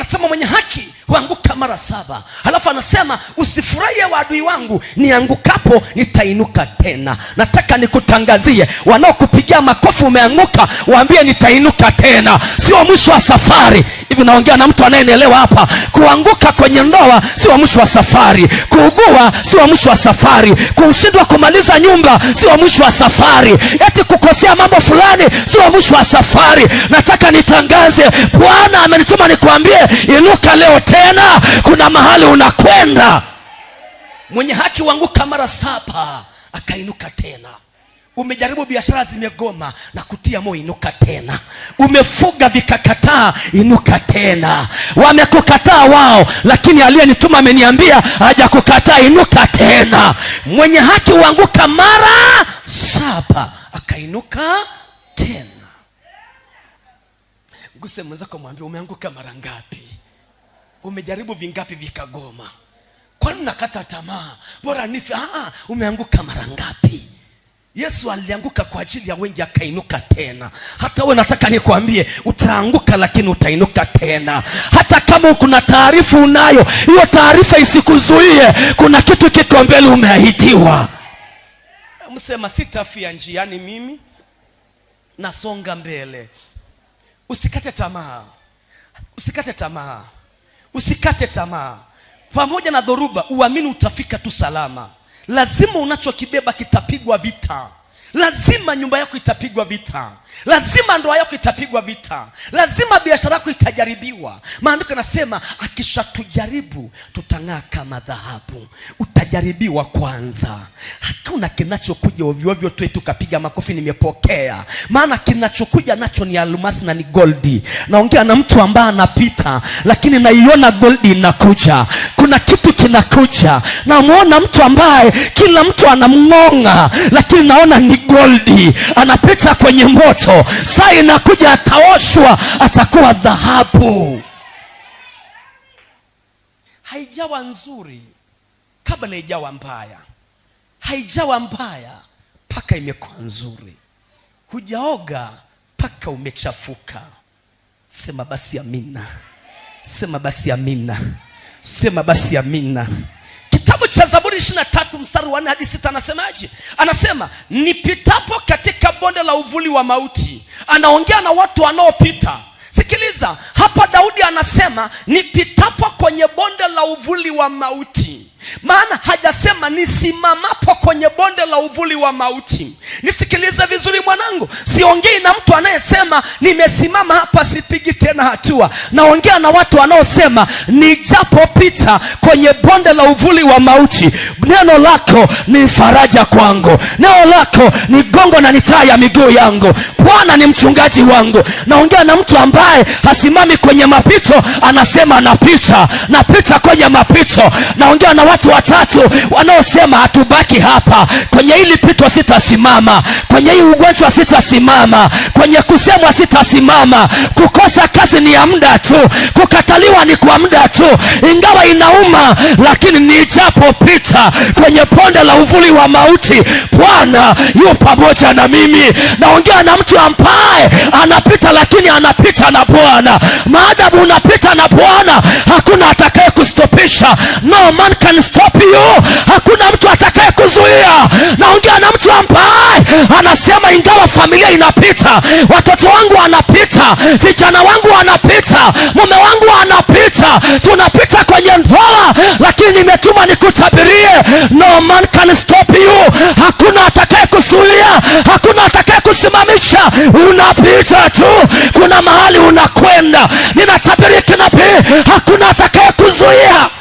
anasema mwenye mara saba. Halafu anasema usifurahie waadui wangu, niangukapo nitainuka tena. Nataka nikutangazie, wanaokupigia makofi umeanguka, waambie nitainuka tena, sio mwisho wa safari. Hivi naongea na mtu anayenielewa hapa. Kuanguka kwenye ndoa sio mwisho wa safari, kuugua sio mwisho wa safari, kushindwa kumaliza nyumba sio mwisho wa safari, eti kukosea mambo fulani sio mwisho wa safari. Nataka nitangaze, Bwana amenituma nikuambie, inuka leo tena, kuna mahali unakwenda. Mwenye haki huanguka mara saba akainuka tena. Umejaribu, biashara zimegoma na kutia moyo, inuka tena. Umefuga vikakataa, inuka tena. Wamekukataa wao, lakini aliyenituma ameniambia hajakukataa, inuka tena. Mwenye haki huanguka mara saba akainuka tena. Mguse mwenzako, mwambie umeanguka mara ngapi? Umejaribu vingapi vikagoma? Kwani nakata tamaa? Bora nife. Ah, ah, umeanguka mara ngapi? Yesu alianguka kwa ajili ya wengi akainuka tena. Hata wewe nataka nikuambie utaanguka lakini utainuka tena. Hata kama kuna taarifa unayo, hiyo taarifa isikuzuie. Kuna kitu kiko mbele, umeahidiwa. Msema sitafia njiani, mimi nasonga mbele. Usikate tamaa, usikate tamaa. Usikate tamaa pamoja na dhoruba, uamini utafika tu salama. Lazima unachokibeba kitapigwa vita. Lazima nyumba yako itapigwa vita, lazima ndoa yako itapigwa vita, lazima biashara yako itajaribiwa. Maandiko yanasema akishatujaribu tutang'aa kama dhahabu. Utajaribiwa kwanza, hakuna kinachokuja ovyoovyo ovyo tu tukapiga makofi, nimepokea. Maana kinachokuja nacho ni almasi na ni goldi. Naongea na mtu ambaye anapita, lakini naiona goldi inakuja. Kuna kitu linakuja. Namwona mtu ambaye kila mtu anamng'ong'a, lakini naona ni goldi, anapita kwenye moto. Saa inakuja ataoshwa, atakuwa dhahabu. Haijawa nzuri kabla haijawa mbaya, haijawa mbaya mpaka imekuwa nzuri. Hujaoga mpaka umechafuka. Sema basi amina, sema basi amina. Sema basi amina. Kitabu cha Zaburi 23 mstari wa 4 hadi 6 anasemaje? Anasema nipitapo katika bonde la uvuli wa mauti. Anaongea na watu wanaopita. Sikiliza, hapa Daudi anasema nipitapo kwenye bonde la uvuli wa mauti, maana akasema, nisimamapo kwenye bonde la uvuli wa mauti. Nisikilize vizuri mwanangu, siongei na mtu anayesema nimesimama hapa sipigi tena hatua. Naongea na watu wanaosema nijapopita kwenye bonde la uvuli wa mauti, neno lako ni faraja kwangu, neno lako ni gongo na nitaa ya miguu yangu, Bwana ni mchungaji wangu. Naongea na mtu ambaye hasimami kwenye mapito, anasema napita, napita kwenye mapito. Naongea na watu watatu wanaosema hatubaki hapa, kwenye hili pito sitasimama, kwenye hii ugonjwa sitasimama, kwenye kusemwa sitasimama. Kukosa kazi ni ya muda tu, kukataliwa ni kwa muda tu, ingawa inauma, lakini nijapopita kwenye ponde la uvuli wa mauti, Bwana yu pamoja na mimi. Naongea na mtu ambaye anapita, lakini anapita na Bwana. Maadamu unapita na Bwana, hakuna atakaye kustopisha man can stop you, hakuna mtu atakaye kuzuia. Naongea na mtu ambaye anasema ingawa familia inapita, watoto wangu wanapita, vijana wangu wanapita, mume wangu anapita, tunapita kwenye ndoa, lakini nimetuma nikutabirie, no man can stop you, hakuna atakaye kuzuia, hakuna atakaye kusimamisha. Unapita tu, kuna mahali unakwenda. ninatabiri kinabii, hakuna atakaye kuzuia.